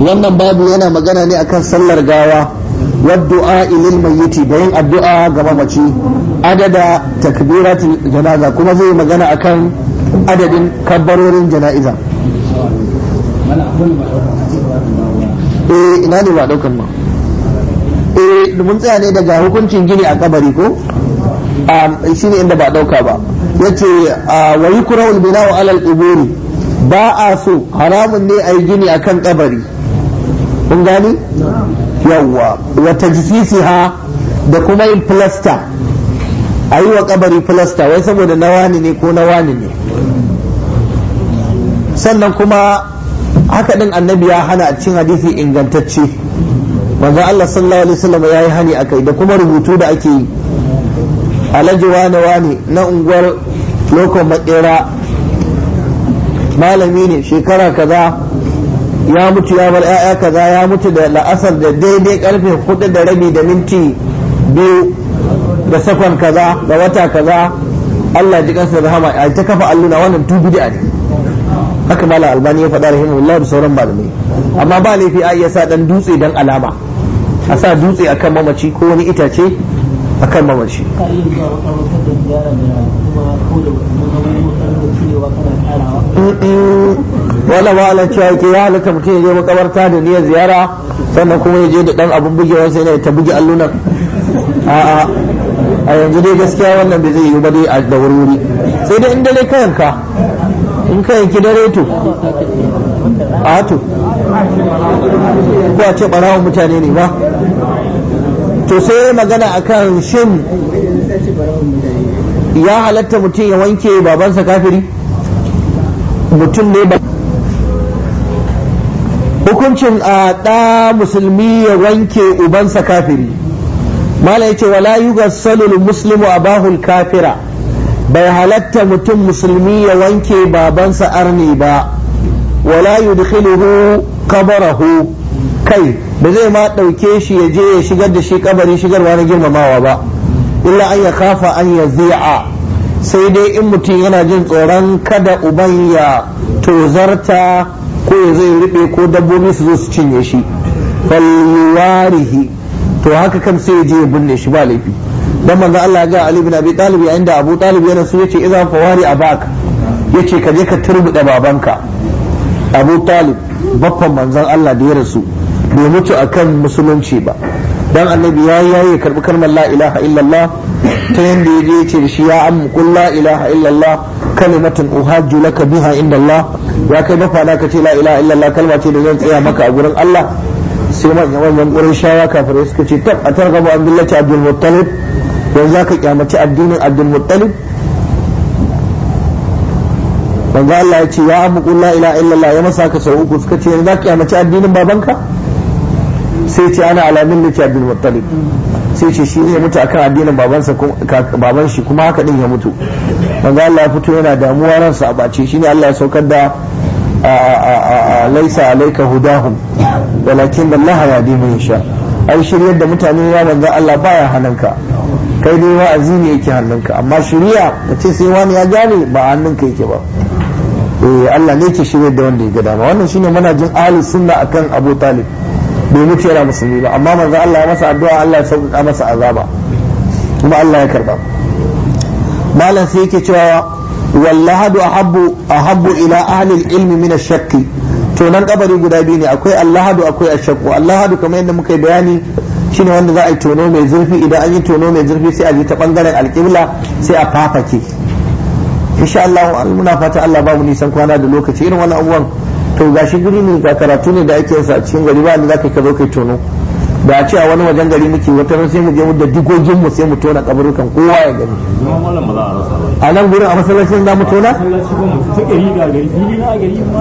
wannan babu yana magana ne akan sallar gawa والدعاء mayyiti da yin addu'a ga عدد adada takbiratul janaza kuma zai magana akan adadin kabbarorin jana'iza eh ina ne ba daukan ma eh mun tsaya ne daga hukuncin gini a kabari ko shi inda ba dauka ba yace wa yukra al wa al ba a so haramun ne ayi gini akan kabari kun gani yawwa wa tajsisiha da kuma yin plaster a yi wa kabari plaster wai saboda na wani ne ko na wani ne sannan kuma haka din annabi ya hana a cikin hadisi ingantacce manzo Allah sallallahu alaihi wasallam ya yi hani akai da kuma rubutu da ake yi alaji wani wani na unguwar lokon makera malami ne shekara kaza ya mutu ya bar ya'ya kaza ya mutu da la'asar da daidai karfe hudu da rabi da minti biyu da sakon kaza da wata kaza Allah ji kansa da hama ta kafa alluna wannan tu bid'a ne haka mala albani ya faɗa rahimahullah da sauran malamai amma ba laifi a iya sa dan dutse dan alama a sa dutse akan mamaci ko wani itace akan mamaci wala ba ala cewa ke ya halatta mutum ya je makabarta da niyyar ziyara sannan kuma ya je da dan abun bugewa sai ne ta buge allunan a'a a yanzu dai gaskiya wannan bai zai yi ba dai a da wuri sai dai inda dare ka yanka in ka yanki dare to a to ko a ce barawon mutane ne ba to sai magana akan shin ya halatta mutum ya wanke babansa kafiri mutum ne ba hukuncin a ɗa musulmi ya wanke ubansa kafiri mala yace wala yughassalu muslimu abahul kafira bai halatta mutum musulmi ya wanke babansa arni ba wala yudkhiluhu kabarahu kai ba zai ma ɗauke shi ya je ya shigar da shi kabari shigarwa na girmamawa ba illa an ya kafa an ya zai'a sai dai in mutum yana jin tsoron kada uban ya tozarta ko ya zai rube ko dabbobi su zo su cinye shi falyuwarihi to haka kan sai je ya binne shi ba laifi dan manzo Allah ga Ali bin Abi Talib yayin da Abu Talib yana so yace idan fawari abak yace ka je ka da babanka Abu Talib baffan manzon Allah da ya rasu bai mutu akan musulunci ba dan annabi ya yi karbi kalmar la ilaha illallah ta yanda ya je yace da shi ya am la ilaha illallah kalimatun uhajju laka biha inda Allah ya kai mafana ka ce la ilaha illallah kalma ce da zan tsaya maka a gurin Allah sai manyan manyan gurin shawa kafirai suka ce tab a targaba an billaci abdul muttalib yanzu zaka kyamaci addinin abdul muttalib manzo Allah ya ce ya amu la ilaha illallah ya masa ka sau uku suka ce yanzu zaka kyamaci addinin babanka sai ce ana alamin millati abin muttalib sai ce shi ya mutu akan addinin babansa baban shi kuma haka din ya mutu manzo Allah ya fito yana damuwa ransa a bace shine Allah ya saukar da laisa alayka hudahum walakin Allah ya man yasha ai shiryar da mutane ya manzo Allah baya hannunka kai dai wa'azi ne yake hannunka amma shiriya ce sai wani ya gane ba hannunka yake ba eh Allah ne yake shiryar da wanda ya ga dama wannan shine manajin ahlus sunna akan Abu Talib bai mutu yana musulmi ba amma manzo Allah ya masa addu'a Allah ya sauƙaƙa masa azaba kuma Allah ya karba malam sai yake cewa wallahu ahabbu ahabbu ila ahli ilmi min ash-shakk to nan kabari guda biyu ne akwai allahadu akwai ash-shakk allahadu kamar yadda muka yi bayani shine wanda za a yi tono mai zurfi idan an yi tono mai zurfi sai a je ta bangaren alƙibla sai a fafake insha Allah muna fata Allah ba mu nisan kwana da lokaci irin wannan abubuwan to shi guri ne ga karatu ne da ake sa cikin gari ba za ka zo kai tono da a cewa wani wajen gari muke wata ran sai mu je da digogin mu sai mu tona kaburukan kowa ya gani a nan gurin a masallacin za mu tona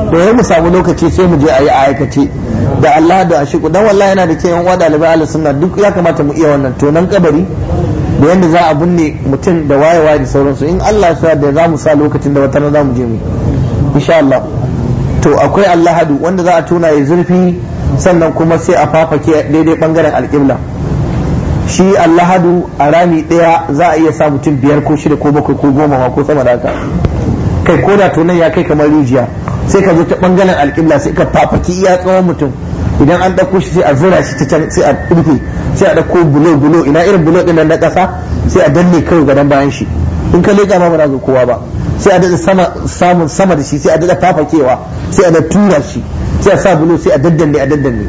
da ya mu samu lokaci sai mu je a yi aikace da Allah da ashiku dan wallahi yana da ke yan uwa dalibai ahlus sunna duk ya kamata mu iya wannan tonan kabari da yadda za a binne mutum da wayewa da sauransu in Allah ya sa da za mu sa lokacin da wata ran za mu je mu insha Allah to akwai allahadu wanda za a tuna ya zurfi sannan kuma sai a fafake daidai bangaren alƙibla shi allahadu a rami ɗaya za a iya sa mutum biyar ko shida ko bakwai ko goma ma ko sama da haka kai ko da tonan ya kai kamar rijiya sai ka zo ta bangaren alƙibla sai ka fafaki iya tsawon mutum idan an ɗauko shi sai a zura shi ta can sai a rufe sai a ɗauko bulo bulo ina irin bulo ɗin nan na ƙasa sai a danne kawai gadon bayan shi in ka leƙa ma ba zo kowa ba sai a dada samun sama da shi sai a dada fafakewa sai a daɗa tura shi sai a sa sai a daddanne a daddanne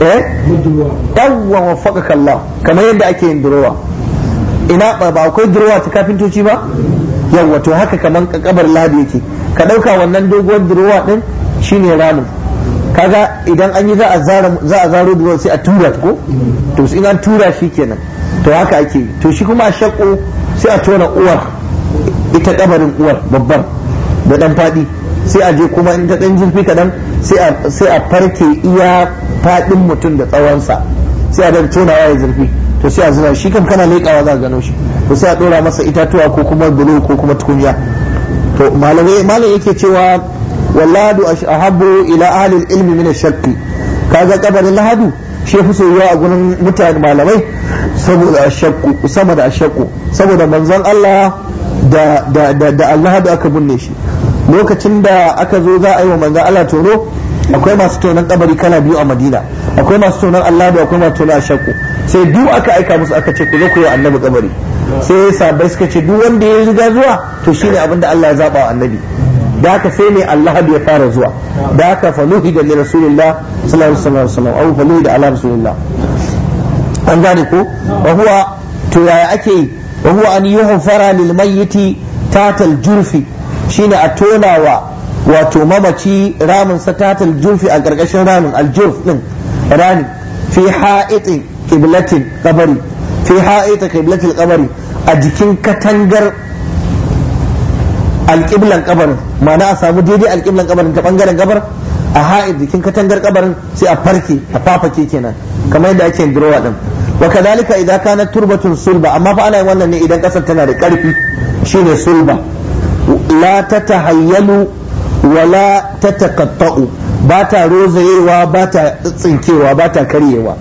eh yawwa wafaqaka Allah kamar yadda ake yin durowa ina ba akwai durowa ta kafintoci ba yawwa to haka kamar kabar ladi yake ka ɗauka wannan doguwar durowa din shine ramin kaga idan an yi za a zaro durowa sai a tura ko mm. to su ina tura shi kenan to haka ake to shi kuma a shakko sai a tona uwar ita kabarin uwar babbar da dan fadi sai a je kuma in ta dan jirfi kadan sai a farke iya fadin mutum da tsawonsa sai a dan tona ya zurfi to sai a zura shi kan kana leƙawa za a gano shi to sai a dora masa itatuwa ko kuma bulo ko kuma tukunya to malamai malam yake cewa walladu ashabu ila ahli ilmi min ash shakk kaga kabarin lahadu shi fi soyuwa a gurin mutane malamai saboda ashakku sama da ashakku saboda manzon Allah da da da Allah da aka binne shi lokacin da aka zo za a yi wa manzo Allah toro akwai masu tonan kabari kala biyu a Madina akwai masu tonan Allah da akwai masu tonan Shakku sai duk aka aika musu aka ce ku zo ku yi annabi kabari sai sabai suka ce duk wanda ya riga zuwa to shine abin da Allah ya zaba wa annabi da haka sai ne Allah ya fara zuwa da haka faluhi da da rasulullah sallallahu alaihi wasallam au faluhi da ala rasulullah an gane ko wa huwa to yaya ake yi wa huwa an yuhfara lil tatal jurfi shine a tonawa wato mamaci ramin sa tatal jurfi a karkashin ramin aljurf din rani fi ha'ita qiblatil qabri a jikin katangar alƙiblan kabarin ma'ana a samu daidai alƙiblan bangaren gabar a ha'id jikin katangar kabarin sai a farke a fafake kenan kamar yadda ake durowa din wa kadhalika idan kana turbatun sulba amma fa ana yin wannan ne idan kasar tana da karfi shine sulba la tatahayyalu wa la tataqatta'u ba ta rozayewa ba ta tsinkewa ba ta karyewa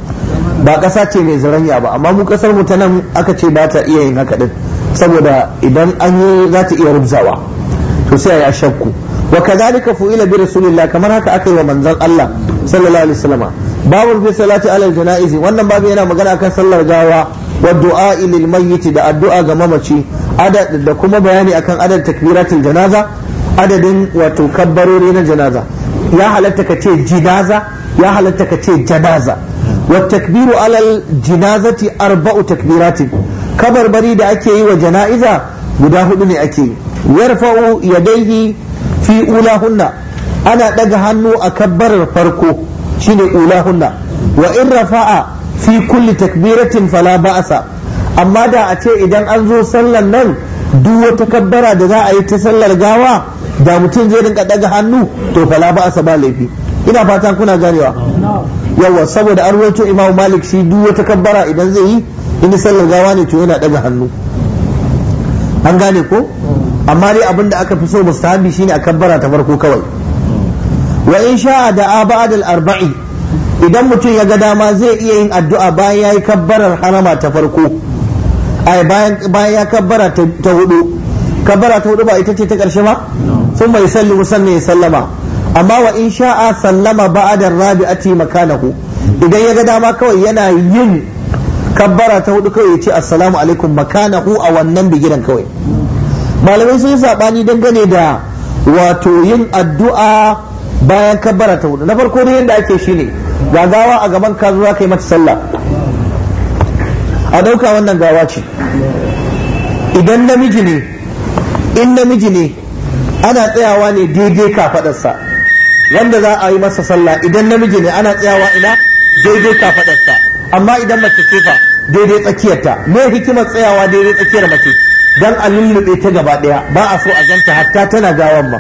ba ƙasa ce mai zaranya ba amma mu ƙasar mu ta nan aka ce ba ta iya yin haka din saboda idan an yi za ta iya rubzawa to sai ya shakku wa kadhalika fu'ila bi rasulillah kamar haka aka yi wa manzon Allah sallallahu alaihi wasallam babu bi salati alal janaizi wannan babu yana magana kan sallar gawa wa du'a lil mayyit da addu'a ga mamaci adad da kuma bayani akan adad takbiratul janaza adadin wato kabbarori na janaza ya halatta ka ce jinaza ya halatta ka ce janaza wa takbiru alal jinazati arba'u takbiratin kabarbari da ake yi wa janaiza guda hudu ne ake yi yarfa'u yadaihi fi ulahunna ana daga hannu a kabbarar farko shine ulahunna wa in rafa'a fi kulli takbiratin fala ba'asa amma da a ce idan an zo sallar nan duk wata kabbara da za a yi ta sallar gawa da mutum zai rinka daga hannu to fala ba'asa ba laifi ina fatan kuna ganewa yawa saboda an rawaito imam malik shi duk wata kabbara idan zai yi in sallar gawa ne to yana daga hannu an gane ko amma dai abin da aka fi so mustahabi shine a kabbara ta farko kawai wa in sha'a da ba'd al arba'i idan mutum ya ga dama zai iya yin addu'a bayan ya yayi kabbarar harama ta farko ai bayan bayan ya kabbara ta hudu kabbara ta hudu ba ita ce ta karshe ba sun bai salli musamman ya sallama amma wa in sha'a sallama ba'da rabi'ati makanahu idan ya ga dama kawai yana yin kabbara ta hudu kawai ya ce assalamu alaikum makanahu a wannan bigiran kawai malamai sun yi sabani dangane da wato yin addu'a bayan kabbara ta hudu na farko dai yadda ake shi ne ga gawa a gaban ka zuwa kai mata sallah a ɗauka wannan gawa ce idan namiji ne in namiji ne ana tsayawa ne daidai kafaɗarsa wanda za a yi masa sallah idan namiji ne ana tsayawa ina daidai kafaɗarsa amma idan mace ce fa daidai tsakiyarta me hikimar tsayawa daidai tsakiyar mace dan a lullube ta gaba ɗaya ba a so a ganta hatta tana gawan ma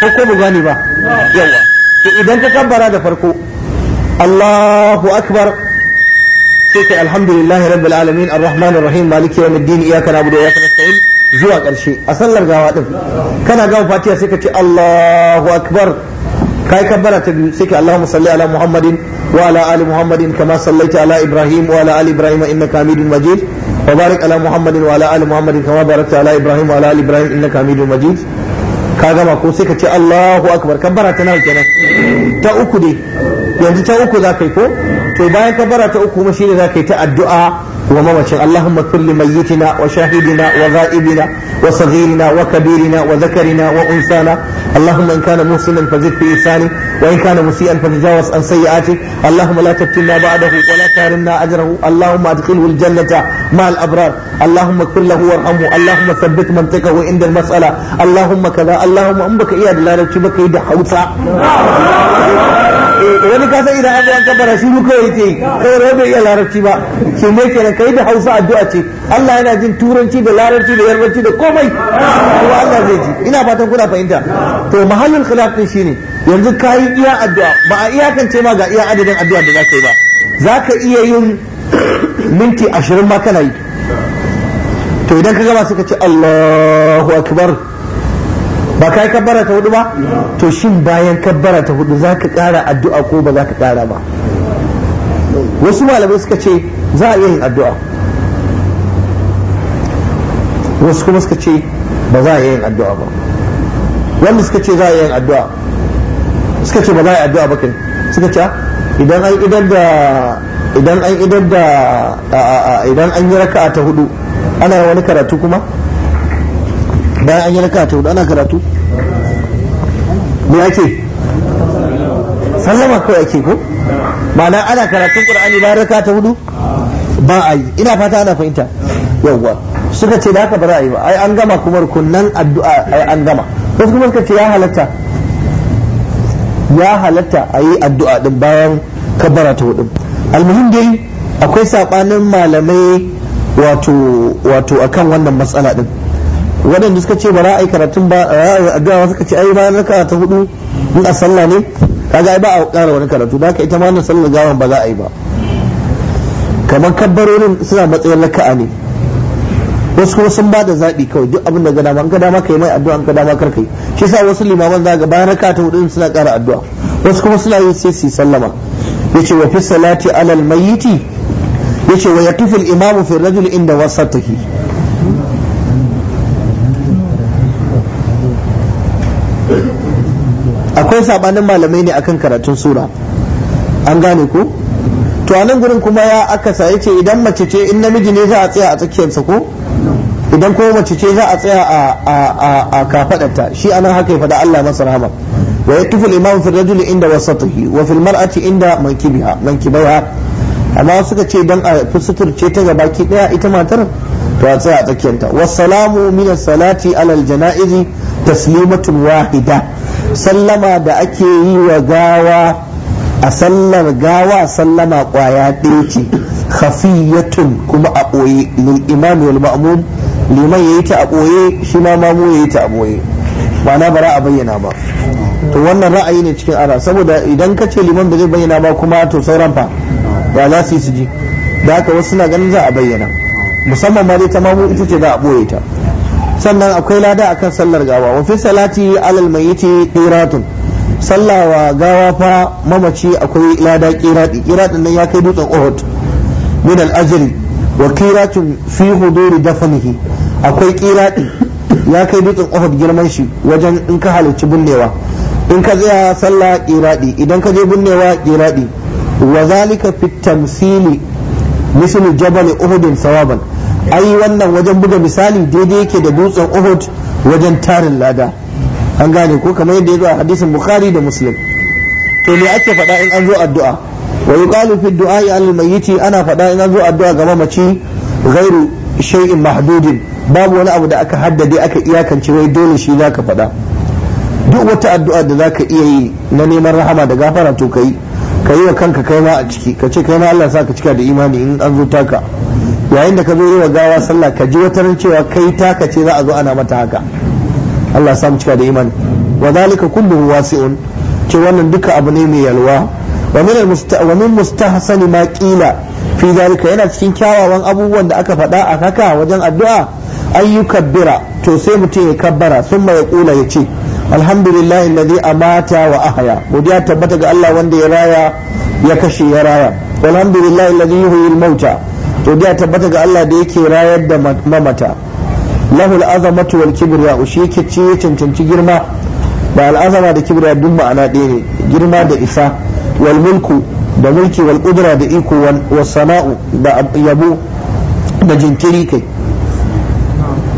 ko ko ba gane ba yawa to idan ka kabbara da farko Allahu akbar sai kai alhamdulillahi rabbil alamin arrahman arrahim maliki yawmiddin iyyaka na'budu wa iyyaka nasta'in zuwa karshe a sallar gawa din kana gama fatiha sai ka ce Allahu akbar kai kabbara ta biyu sai ka Allahumma salli ala Muhammadin wa ala ali Muhammadin kama sallaita ala Ibrahim wa ala ali Ibrahim innaka hamidun Majid wa barik ala Muhammadin wa ala ali Muhammadin kama barakta ala Ibrahim wa ala ali Ibrahim innaka Hamidum Majid ka gama ko sai ka ce Allahu akbar kabbara ta nawa kenan ta uku dai yanzu ta uku za ka yi ko to bayan kabara ta uku kuma shine za ka yi ta addu'a wa mamacin Allahumma kulli mayyitina wa shahidina wa ghaibina wa saghirina wa kabirina wa zakarina wa unsana Allahumma in kana musliman fazid fi ihsani wa in kana musian fatajawaz an sayyiati Allahumma la taftinna ba'dahu wa la tarinna ajrahu Allahumma adkhilhu al-jannata ma al-abrar Allahumma kulli lahu warhamhu Allahumma thabbit mantiqahu inda al-mas'ala Allahumma kaza Allahumma in baka iya da larabci baka yi da Hausa wani kasan idan an yan kabara shi mu kawai ce kai rai bai iya larabci ba shi ne kenan kai da Hausa addu'a ce Allah yana jin turanci da lararci da yarbanci da komai kuma Allah zai ji ina fatan kuna fahimta to mahallin khilaf din shine yanzu kai iya addu'a ba a iyakance ma ga iya adadin addu'a da zaka yi ba zaka iya yin minti ashirin ma kana yi to idan ka gama suka ce Allahu akbar ba kai kabbara ta hudu ba to shin bayan kabbara ta hudu zaka kara addu'a ko ba zaka kara ba wasu malamai suka ce za a iya yin addu'a wasu kuma suka ce ba za a iya yin addu'a ba wanda suka ce za a iya yin addu'a suka ce ba za a yi addu'a ba kai suka ce ah, idan an idan da idan an idan da idan an yi raka'a ta hudu ana wani karatu kuma bayan an yi raka ta hudu ana karatu me ake sallama kawai ake ko ma'ana ana karatun qur'ani bayan raka ta hudu ba a yi ina fata ana fahimta yawwa suka ce da haka ba za yi ba ai an gama kuma kunnan addu'a ai an gama wasu kuma suka ce ya halatta ya halatta a yi addu'a din bayan kabbara ta hudu almuhim dai akwai sabanin malamai wato wato akan wannan matsala din waɗanda suka ce ba za a yi karatun ba suka ce ai ranar ka ta hudu in a sallah ne kaga ai ba a ƙara wani karatu da haka ita ma wannan sallar gawan ba za a yi ba kamar kabbarorin suna matsayin laka'a ne wasu kuma sun bada zaɓi kawai duk abin da ga dama ka dama kai mai addu'a ka dama kar shi yasa wasu limaman za ga bayan raka ta hudu suna kara addu'a wasu kuma suna yi sai su sallama yace wa fi salati alal mayyiti yace wa yatufu al imamu fi rajul inda wasatihi akwai sabanin malamai ne akan karatun sura an gane ko to a nan gurin kuma ya aka sa ce idan mace ce in namiji ne za a tsaya a tsakiyar sa ko idan kuma mace ce za a tsaya a kafadarta shi anan haka ya fada Allah masa rahama wa yatufu al-imam fi ar-rajuli inda wasatihi wa al mar'ati inda mankibiha mankibaiha amma suka ce dan a suturce ta gaba ki daya ita matar to a tsaya a tsakiyar tsakiyarta wassalamu min as-salati ala al-janaizi taslimatun wahida sallama da ake yi wa gawa a sallar gawa sallama kwaya ɗaya ce khafiyatun kuma a ɓoye lil imanin wal ma'mum liman yayi ta a ɓoye shi ma mamu yayi ta a ɓoye na bara a bayyana ba to wannan ra'ayi ne cikin ara saboda idan ka ce liman ba zai bayyana ba kuma to sauran fa ba za su yi su ji da haka wasu na ganin za a bayyana musamman ma dai ta mamu ita ce za a ɓoye ta sannan akwai lada akan sallar gawa wa fi salati alal mayyiti qiratun sallawa gawa fa mamaci akwai lada qirati qiratin nan ya kai dutsen Uhud min al wa qiratun fi huduri dafnihi akwai qirati ya kai dutsen Uhud girman shi wajen in ka halarci binnewa in ka tsaya salla qirati idan ka je binnewa qirati wa zalika fit tamsili mislu jabal Uhud sawaban ai wannan wajen buga misali daidai yake da dutsen uhud wajen tarin lada an gane ko kamar yadda ya zo a hadisin bukhari da muslim to me ake faɗa in an zo addu'a wa yuqalu fi du'a'i al mayyiti ana faɗa in an zo addu'a ga mamaci ghairu shay'in mahdudin babu wani abu da aka haddade aka iyakance wai dole shi zaka faɗa duk wata addu'a da zaka iya yi na neman rahama da gafara to kai ka yi wa kanka kai ma a ciki kace kai ma Allah sa ka cika da imani in an zo taka yayin da ka zo wa gawa sallah ka ji wata cewa kai taka ce za a zo ana mata haka Allah samu cika da imani wa zalika kulluhu wasi'un ce wannan duka abu ne mai yalwa wa min wa min mustahsani ma qila fi zalika yana cikin kyawawan abubuwan da aka faɗa a haka wajen addu'a ayyukabbira to sai mutum ya kabbara summa ya kula ya ce alhamdulillah alladhi amata wa ahya godiya tabbata ga Allah wanda ya raya ya kashe ya raya walhamdulillah alladhi yuhyil mauta godiya tabbata ga Allah da yake rayar da mamata lahu al'azamatu wal kibriya shi yake ce ya cancanci girma da al'azama da kibriya duk ma'ana ɗaya ne girma da isa wal mulku da mulki wal kudura da iko wal sana'u da yabo da jinkiri kai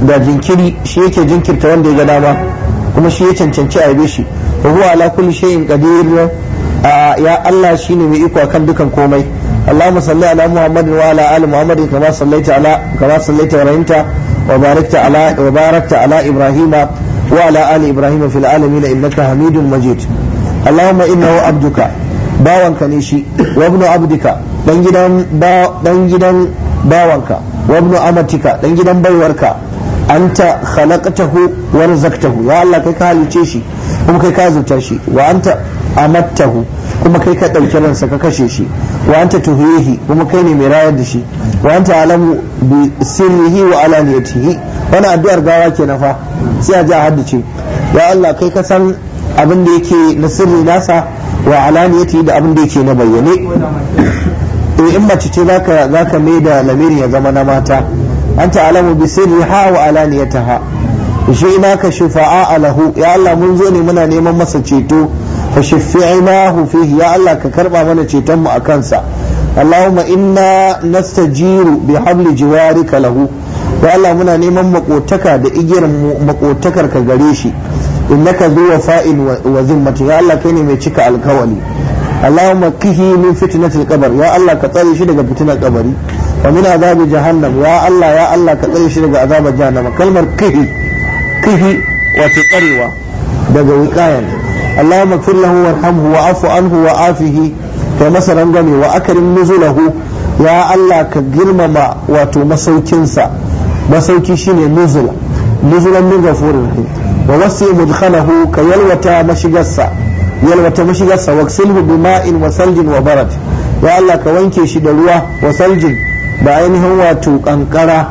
da jinkiri shi yake jinkirta wanda ya ga dama kuma shi ya cancanci a yabe shi huwa ala kulli shay'in qadir ya Allah shine mai iko akan dukan komai اللهم صل على محمد وعلى ال محمد كما صليت على كما صليت ورحمت وباركت على وباركت على ابراهيم وعلى ال ابراهيم في العالمين انك حميد مجيد اللهم انه عبدك باوانك نشي وابن عبدك دان جدان با دان جدان باوانك وابن امتك دان جدان baiwarka anta khalaqtahu wa razaqtahu ya Allah kai ka halice shi kuma kai ka azurta shi wa anta amattahu kuma kai ka ɗauki ransa ka kashe shi wa anta tuhihi kuma kai ne mai rayar da shi wa anta alamu bi sirrihi wa alaniyatihi wani addu'ar gawa kenan fa sai a ji a haddace ya Allah kai ka san abin da yake na sirri nasa wa alaniyatihi da abin da yake na bayyane to eh, in mace ce zaka zaka mai da ya zama na mata anta alamu bi sirriha wa alaniyataha shi ina ka shufa'a lahu ya Allah mun zo ne muna neman masa ceto fashaffi'nahu fihi ya Allah ka karba mana ceton mu a kansa Allahumma inna nastajiru bi habli jiwarika lahu ya Allah muna neman makotaka da igiyar makotakar ka gare shi innaka zu wafa'in wa zimmati ya Allah kai ne mai cika alkawali Allahumma kihi min fitnatil qabr ya Allah ka tsare shi daga fitinar kabari wa min azabi jahannam ya Allah ya Allah ka tsare shi daga azabar jahannama kalmar kihi kihi wato tsarewa daga wiqayan اللهم اغفر له وارحمه واعف عنه وعافه كمثل غني واكرم نزله يا الله كجرمما واتو مسوكنسا مسوكي شيني نزل نزلا من غفور رحيم ووسع مدخله كيلوتا مشيغسا yalwata mashigarsa waksilhu bima'in wa saljin wa barat ya Allah ka wanke shi da ruwa wa saljin da ainihin wato ƙanƙara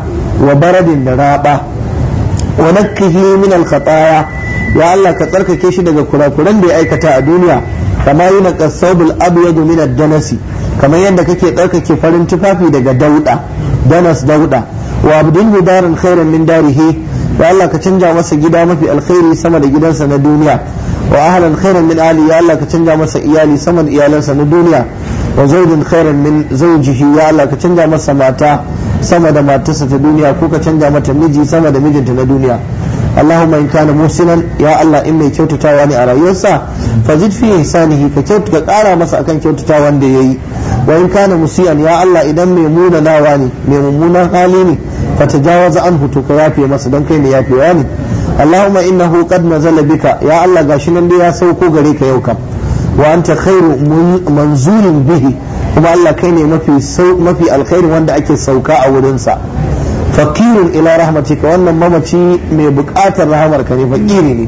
wa baradin da raba wa nakkihi ya Allah ka tsarkake shi daga kurakuran da ya aikata a duniya kama yi na kasabul min danasi kamar yadda kake tsarkake farin tufafi daga dauda danas dauda wa abdul darin khairan min darihi ya Allah ka canja masa gida mafi alkhairi sama da gidansa na duniya wa ahlan khairan min ali ya Allah ka canja masa iyali sama da iyalansa na duniya wa zawjin khairan min zawjihi ya Allah ka canja masa mata sama da matarsa ta duniya ko ka canja mata miji sama da mijinta na duniya Allahumma in kana musinan ya Allah in mai kyautatawa ne a rayuwarsa fazid fi ihsanihi ka kyautata kara masa akan kyautatawan da yayi wa in kana musiyan ya Allah idan mai munanawa ne mai mummunan hali ne fa tajawaza anhu to ka yafe masa dan kai ne yafewa ne Allahumma innahu qad nazala bika ya Allah gashi nan dai ya sauko gare ka yau kam wa anta khairu manzurin bihi kuma Allah kai ne mafi alkhairi wanda ake sauka a wurinsa fakirun ila ka wannan mamaci mai bukatar ka ne fakiri ne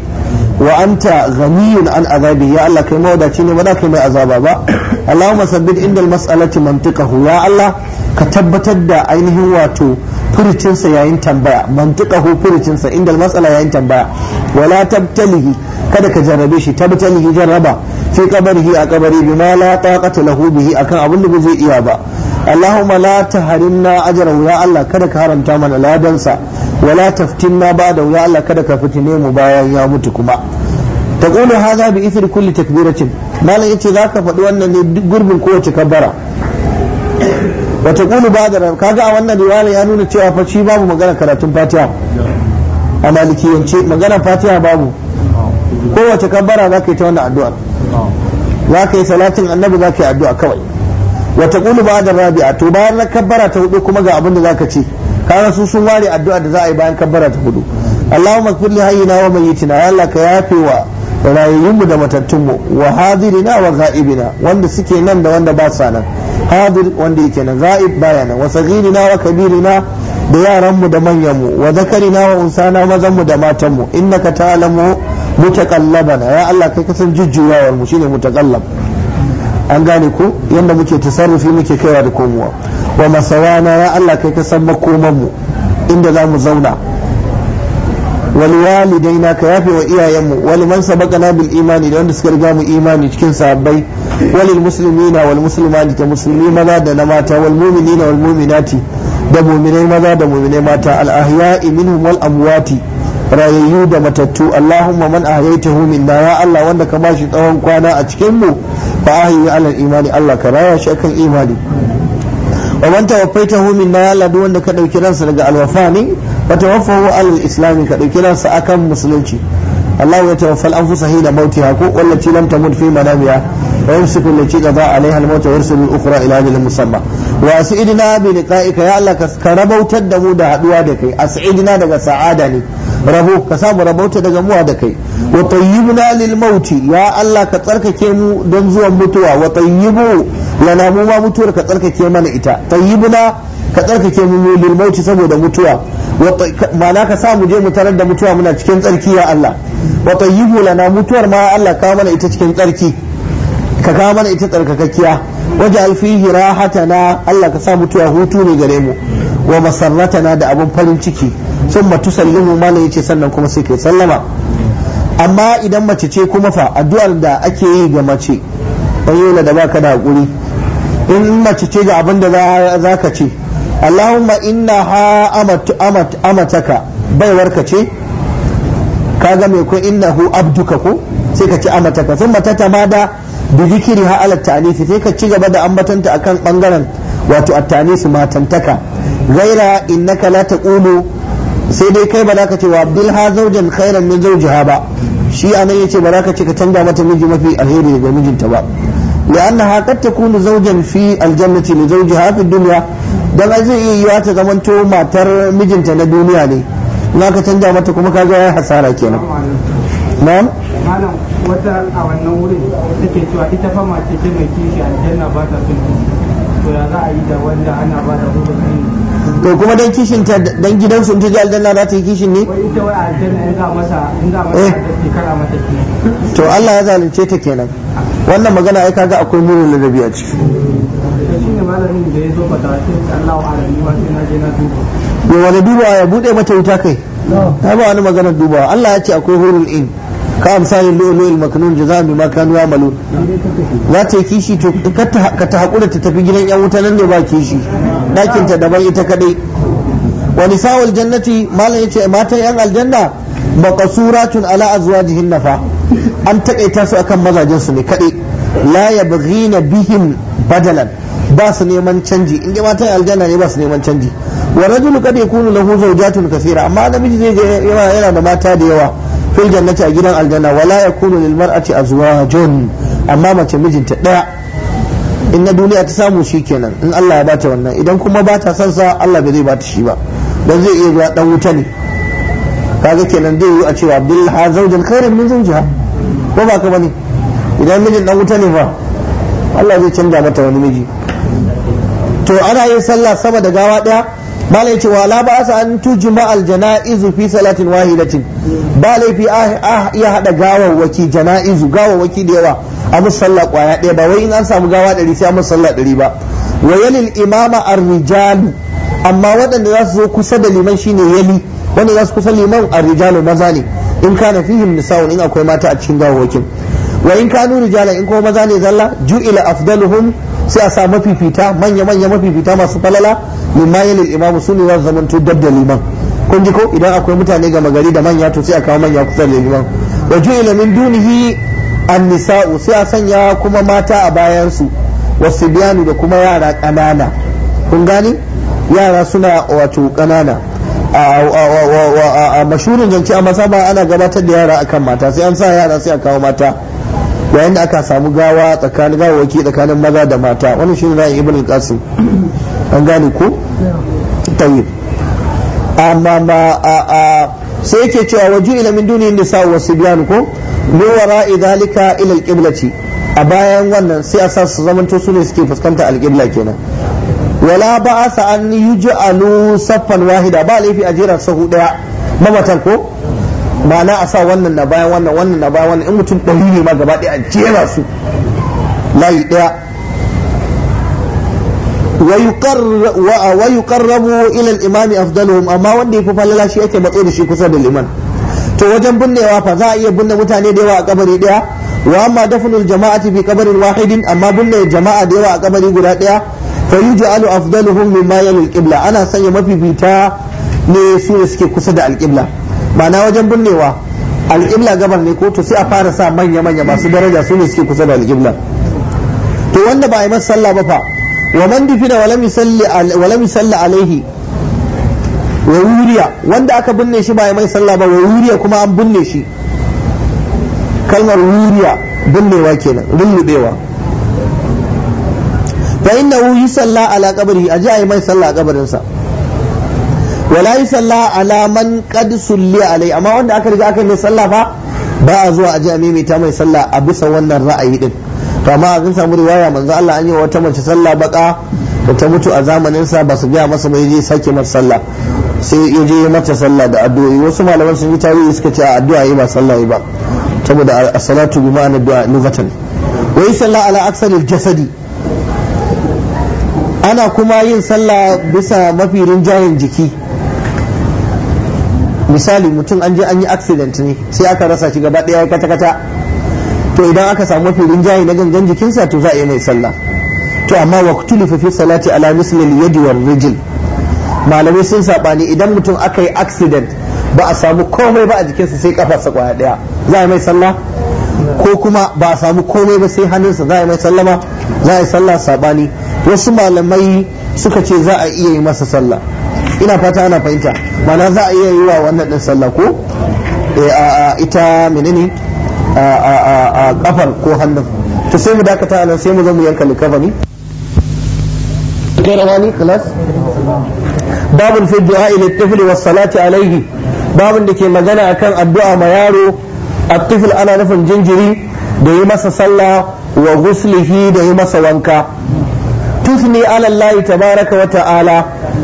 wa anta ghaniyun an azabi ya Allah kai mawadaci ne ba za ka mai azaba ba Allahumma sabbit inda mas'alati mantiqahu ya Allah ka tabbatar da ainihin wato furucinsa yayin tambaya mantiqahu furucinsa inda mas'ala yayin tambaya wala tabtalihi kada ka jarrabe shi tabtalihi jarraba fi qabrihi a qabari bima la taqata lahu bihi akan abin da zai iya ba Allahumma la tahrimna ajrahu ya Allah kada ka haramta mana ladansa wala taftinna ba'da ya Allah kada ka fitine mu bayan ya mutu kuma taqulu hadha bi ithri kulli takbiratin malam yace zaka faɗi wannan ne duk gurbin kowace kabbara wa taqulu ba'da kaga a wannan riwaya ya nuna cewa fa shi babu magana karatun Fatiha a malikiyance magana Fatiha babu kowace kabbara zaka yi ta wannan addu'a zaka yi salatin annabi zaka yi addu'a kawai wa taqulu ba'da rabi'a to bayan na kabbara ta hudu kuma ga abin da zaka ce kaga su sun ware addu'a da za a yi bayan kabbara ta hudu Allahumma kulli hayyina wa mayyitina ya Allah ka yafe wa rayayyunmu da matattunmu wa hadirina wa ga'ibina wanda suke nan da wanda ba sa nan hadir wanda yake nan ga'ib baya nan wa saghirina wa kabirina da yaranmu da manyanmu wa zakarina wa unsana mazanmu da matanmu innaka ta'lamu mutaqallabana ya Allah kai kasan jujjuyawar mu shine mutaqallab an gane ko yadda muke tasarrufi muke kaiwa da komowa wa masawana ya Allah kai ka san makoman mu inda za mu zauna wal walidaina ka yafe wa iyayenmu wal man sabaqana bil imani da wanda suka riga mu imani cikin sahabbai walil muslimina wal muslimati ta musulmi maza da na mata wal mu'minina wal mu'minati da mu'minai maza da mu'minai mata al ahya'i minhum wal amwati rayayyu da matattu Allahumma man ahyaytahu minna ya Allah wanda ka bashi tsawon kwana a cikin mu fa ahyi ala imani Allah ka raya shi kan imani wa man tawaffaitahu minna ya Allah wanda ka dauki ransa daga alwafani ne wa tawaffahu ala islam ka dauki ransa akan musulunci Allah ya tawaffa al-anfusa hina mautiha ko wallati lam tamut fi manamiha ويمسك التي قضى عليها الموت ويرسل الاخرى الى اجل مسمى واسعدنا بلقائك يا الله كربوت الدمو دا حدوا دكي اسعدنا دغ سعاده ني rabo ka samu rabauta daga muwa da kai wa tayyibna lil lilmauti ya Allah ka tsarkake mu don zuwan mutuwa wa tayyibu lana mu ma mutuwar ka tsarkake mana ita na ka tsarkake mu lil mauti saboda mutuwa ma'ana ka sa mu je mu tarar da mutuwa muna cikin tsarki ya Allah wa tayyibu lana mutuwar ma Allah ka mana ita cikin tsarki ka ka mana ita tsarkakakkiya waje alfihi rahatana Allah ka sa mutuwa hutu ne gare mu wa masarratana da abun farin ciki sun matu sallimu ya ce sannan kuma sai kai sallama amma idan mace ce kuma fa addu'ar da ake yi ga mace bayyana da baka da hakuri in mace ce ga abin da za ka ce Allahumma ina ha amataka ka ce kaga mai ko hu abduka ko sai ka ci amataka sun matata ma da bi ha ala ta'anifi sai ka ci gaba da ambatanta akan bangaren wato at-ta'anifi matantaka gaira innaka la taqulu sai dai kai ba za ka ce wa bil ha zaujan khairan min zawjiha ba shi anan yace ba za ka ce ka canza mata miji mafi alheri daga mijinta ba لأنها قد تكون زوجا في الجنة لزوجها في الدنيا dan ai zai iya yiwa ta zamanto matar mijinta na duniya ne na ka canja mata kuma ka ga hasara kenan na'am wata a wannan wurin take cewa ita fa mace ce mai kishi aljanna ba ta son to ya za a yi da wanda ana ba to kuma dan kishin ta dan gidan su ta jihar danna za ta yi kishin ne ita wai in za mata eh. to Allah ya zalunce ta kenan wannan magana ai kaga akwai murin ladabi a ciki shine malamin da ya zo na je na duba wani duba ya bude mata wuta kai ta ba wani magana duba Allah ya ce akwai hurul in ka amsali lo'lo'il jaza mai bima kanu ya'malu za ta yi kishi to ka ta haƙura ta tafi gidan yan wuta nan ne ba kishi Ɗakinta ta daban ita kaɗai Wani sawal jannati malam ya ce matan yan aljanna tun ala jihin nafa an takaita su akan mazajen su ne kadai la na bihim badalan ba su neman canji in matan aljanna ne ba su neman canji wa rajulu kad yakunu lahu zawjatun kasira amma namiji zai yana da mata da yawa fil jannati a gidan aljanna wala yakunu lil mar'ati azwajun amma mace mijinta daya in na duniya ta samu shi kenan in Allah ya bata wannan idan kuma bata son sa Allah bai zai bata shi ba dan zai iya zuwa dan wuta ne kaga kenan zai yi a cewa bil ha zawjal khairin min zawjiha ko ba ka bane idan mijin dan wuta ne fa Allah zai canja mata wani miji to ana yin sallah sama da gawa daya malai ce wala ba sa an tujma al janaizu fi salatin wahidatin ba laifi a iya hada gawawwaki janaizu gawawwaki da yawa a musalla kwaya ɗaya ba wai in an samu gawa dari sai a musalla ɗari ba wa yalil imama ar amma waɗanda za su zo kusa da liman shine yali wanda za kusa liman ar-rijalu maza ne in kana fihim nisaun in akwai mata a cikin gawawwakin wa in kanu rijalan in kuma maza ne zalla ju'ila afdaluhum sai a sa mafifita manya manya mafifita masu falala limayil imamu su ne za su zamanto dab da liman kun ji ko idan akwai mutane gama gari da manya to sai a kawo manya kusa da liman wa ju'ila min dunihi an-nisa'u sai a sanya kuma mata a bayan su wasu biyanu da kuma yara kanana kun gani yara suna wato kanana a mashurin zance a masaba ana gabatar da yara akan mata sai an sa yara sai a kawo mata yayin da aka samu gawa tsakanin gawawaki tsakanin maza da mata wani shi ne ra'ayin ibn al-qasim an gane ko tayyib amma ma a sai yake cewa waju ila min duni nisa wa sibyan ko ni wara idhalika ila alqiblati a bayan wannan sai a sa su zamanto su ne suke fuskanta alqibla kenan wala ba'asa an yuj'alu saffan wahida ba laifi a jira sahu daya mamatan ko ma'ana a sa wannan na bayan wannan wannan na bayan wannan in mutum ɗari ne ma gaba daya a jera su layi daya. wa yuqarrabu ila al-imam afdaluhum amma wanda ya fi falala shi yake matsayi da shi kusa da liman to wajen binnewa fa za a iya binne mutane da yawa a kabari daya wa amma dafnul jama'ati fi kabarin wahidin amma binne jama'a da yawa a kabari guda daya fa yuj'alu afdaluhum mimma yali qibla ana sanya mafifita ne su suke kusa da al ma'ana wajen binnewa al-qibla gabar ne ko to sai a fara sa manya manya masu daraja su ne suke kusa da al to wanda ba a yi masa sallah ba fa wa man difina wa lam yusalli alaihi wa yuriya wanda aka binne shi ba mai sallah ba wa yuriya kuma an binne shi kalmar yuriya binnewa kenan rullubewa fa innahu yusalla ala qabri aji ayi mai sallah a kabarin sa wala yusalla ala man qad sulli alai amma wanda aka riga aka mai sallah fa ba a zuwa aji a maimaita mai sallah a bisa wannan ra'ayi din to amma an samu riwaya manzo Allah an yi wata mace sallah baka da ta mutu a zamanin sa ba su biya masa ba je sake masa sallah sai ya je mata sallah da addu'o'i wasu malaman sun yi tarihi suka ce addu'a yi ba sallah yi ba saboda as-salatu bi ma'ana du'a lughatan wa sallah ala aksaril jasadi ana kuma yin sallah bisa mafi rinjayen jiki misali mutum an je an yi accident ne sai aka rasa shi gaba daya kata kata to idan aka samu mafi rinjaye na gangan jikinsa to za a yi mai sallah to amma waqtulifa fi salati ala mislil yadi war rijl malamai sun sabani idan mutum aka yi accident ba a samu komai ba a jikinsa sai kafarsa kwaya daya za a yi mai sallah ko kuma ba a samu komai ba sai hannunsa za a yi mai ba? za a yi sallah sabani wasu malamai suka ce za a iya yi masa sallah ina fata ana fahimta mana za a iya yi wa wannan din sallah ko eh, ita menene a kafar ko hannun to sai mu dakata nan sai mu zo mu yanka likafani rawani khalas babun fi du'a ila tifl wa salati alayhi da ke magana akan addu'a ma yaro at-tifl ana nufin jinjiri da yi masa sallah wa ghuslihi da yi masa wanka tufni ala Allah tabaraka wa ta'ala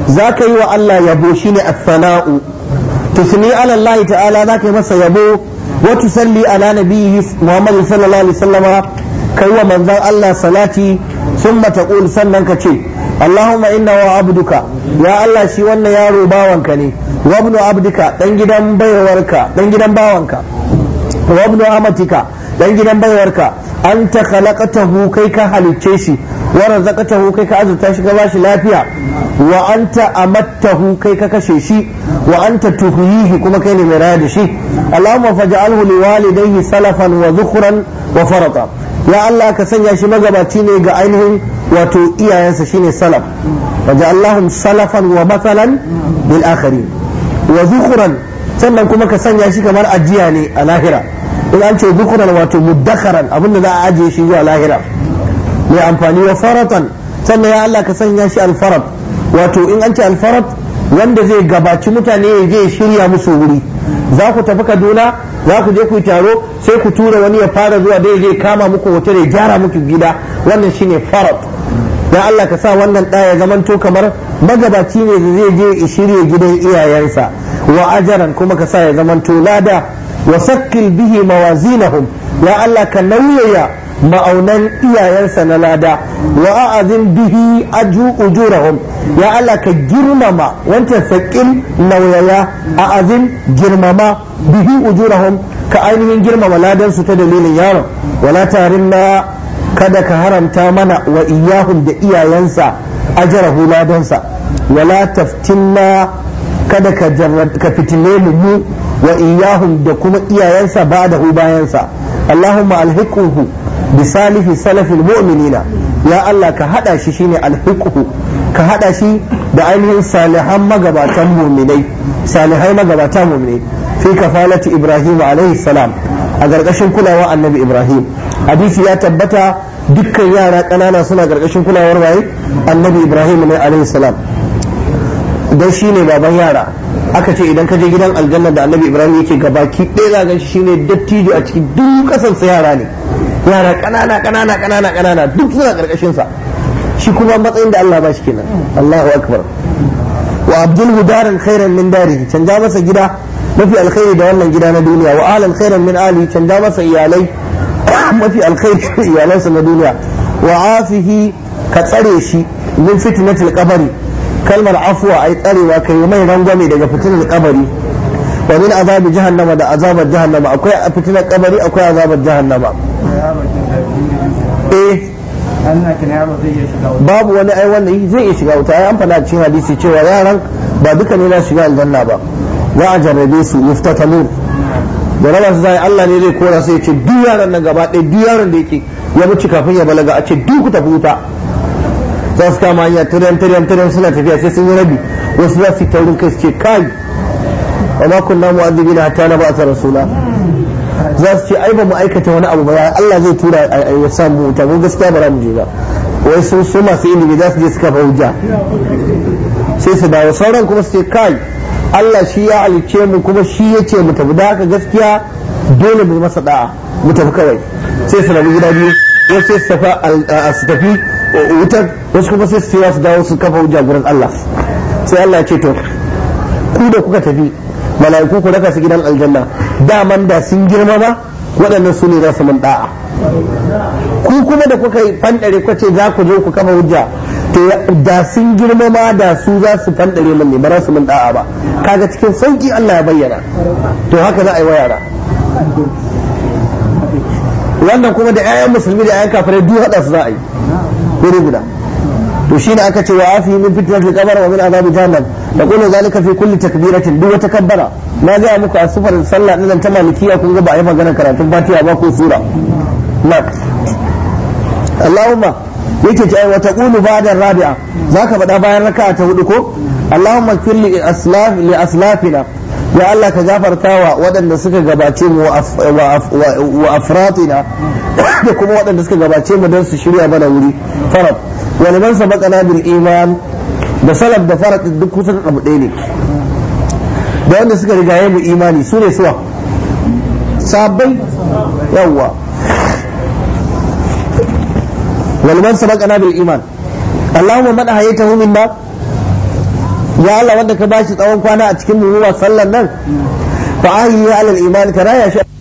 zaka yi wa Allah yabo shine as-sana'u tufni ala Allah ta'ala zaka yi masa yabo watu salli ala nabiyyi Muhammad sallallahu alaihi wasallama kai wa manzon Allah salati summa taqul sannan ka ce Allahumma inna wa abduka ya Allah shi wannan yaro bawanka ne wa ibnu abdika dan gidan baiwarka dan gidan bawanka wa ibnu amatika dan gidan baiwarka anta khalaqatahu kai ka halicce shi wa razaqatahu kai ka azurta shi ka bashi lafiya wa anta amattahu kai ka kashe shi wa'anta anta tuhyihi kuma kai ne mai raya da shi allahumma faj'alhu liwalidayhi salafan wa zukhran wa farata ya allah ka sanya shi magabaci ne ga ainihin wato iyayensa shine salaf faj'alhum salafan wa mathalan bil akharin wa zukhran sannan kuma ka sanya shi kamar ajiya ne a lahira in an ce zukuran wato muddakharan abinda za a ajiye shi zuwa lahira mai amfani wa faratan sannan ya Allah ka sanya shi alfarat wato in an ce alfarat wanda zai gabaci mutane ya je shirya musu wuri za ku tafi kaduna za ku je ku yi taro sai ku tura wani ya fara zuwa dai zai kama muku hotel ya gyara muku gida wannan shine farat ya Allah ka sa wannan ɗaya ya zamanto kamar magabaci ne da zai je ya shirya gidan iyayensa wa ajaran kuma ka sa ya zamanto lada wa sakkil bihi mawazinahum ya Allah ka nauyaya ma'aunan iyayensa na lada wa bihi aju ujurahum ya Allah ka girmama wancan saƙin nauyaya a'azin girmama bihi ujurahum ka ainihin girmama ladansu ta dalilin yaron wala tarin na kada ka haramta mana wa iyahum da iyayensa ajrahu ladansa wala taftinna kada ka fitine mu mu wa iyahum da kuma iyayensa ba da bayansa Allahumma alhiquhu bi salihi salafil mu'minina ya Allah ka hada shi shine alfiqhu ka hada shi da ainihin salihan magabatan mu'minai salihai magabatan mu'minai fi kafalati ibrahim alaihi salam a gargashin kulawa annabi ibrahim hadisi ya tabbata dukkan yara ƙanana suna gargashin kulawar waye annabi ibrahim ne alaihi salam dan shine baban yara aka ce idan ka je gidan aljanna da annabi ibrahim yake gabaki ɗaya za shi shine dattijo a ciki duk kasansa yara ne yara kanana kanana kanana kanana duk suna karkashin sa shi kuma matsayin da Allah ba shi kenan Allahu akbar wa abdul daran khairan min dari canja masa gida mafi alkhairi da wannan gida na duniya wa alan khairan min ali canja masa iyalai mafi alkhairi da iyalansa na duniya wa afihi ka tsare shi min fitnatil qabri kalmar afwa ai tsarewa kai mai rangwame daga fitnatil qabri wa min azabi jahannama da azabar jahannama akwai fitnatil qabri akwai azabar jahannama Eh. babu wani ai wannan zai iya shiga wuta ai an faɗa cikin hadisi cewa yaran ba duka ne na shiga aljanna ba wa a jarrabe su yuftatanu da raba su zai Allah ne zai kora sai ya ce duk yaran nan gaba ɗaya duk yaran da yake ya mutu kafin ya balaga a ce duk ku tafi wuta za su kama hanya tiryan tiryan tiryan suna tafiya sai sun yi rabi wasu za su yi taurin kai su ce kai wa ma kunna mu'adhibina hatta na ba'a rasula za su ce ai ba mu aikata wani abu ba Allah zai tura ya samu wuta mu gaskiya ba za mu je ba wai sun su masu ilimi za su je suka fa hujja sai su dawo sauran kuma su ce kai Allah shi ya alice mu kuma shi ya ce mu tafi da haka gaskiya dole mu masa da'a mu tafi kawai sai su rabu gida biyu wasu sai su tafi wutar wasu kuma sai su ce su dawo su kafa hujja gurin Allah sai Allah ya ce to ku da kuka tafi mala'iku ku raka su gidan aljanna daman da sun girma ba waɗannan su ne za su da'a ku kuma da kuka yi fandare kwace za ku je ku kama hujja to da sun girmama da su za su fandare mun ba za su mun da'a ba kaga cikin sauki Allah ya bayyana to haka za a yi wa yara wannan kuma da 'ya'yan musulmi da ƴaƴan kafirai duk hada su za a yi guri guda to shine aka ce wa afi min fitnatil qabr wa min azabi jahannam da kullu zalika fi kulli takbiratin duk wata kabbara na ga muku a sufar sallah din ta malikiya kun ga ba a yi magana karatun fatiha ba ko sura na Allahumma yake ta wa taqulu ba'da rabi'a zaka bada bayan raka'a ta hudu ko Allahumma kulli aslaf li aslafina ya Allah ka gafartawa waɗanda suka gabace mu wa afratina da kuma waɗanda suka gabace mu don su shirya bana wuri farab wani man sabaqana bil iman da salaf da farat duk kusan abu ɗaya ne da wanda suka rigaye mu imani su ne suwa sabai yawwa walman sabaqana bil iman allahumma man ahyaytahu minna ya Allah wanda ka bashi tsawon kwana a cikin mu sallan nan fa ahyi ala al iman ka raya shi